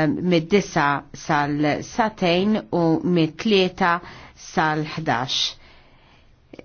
Um, mid-9 sal-satejn u mid-3 sal-11.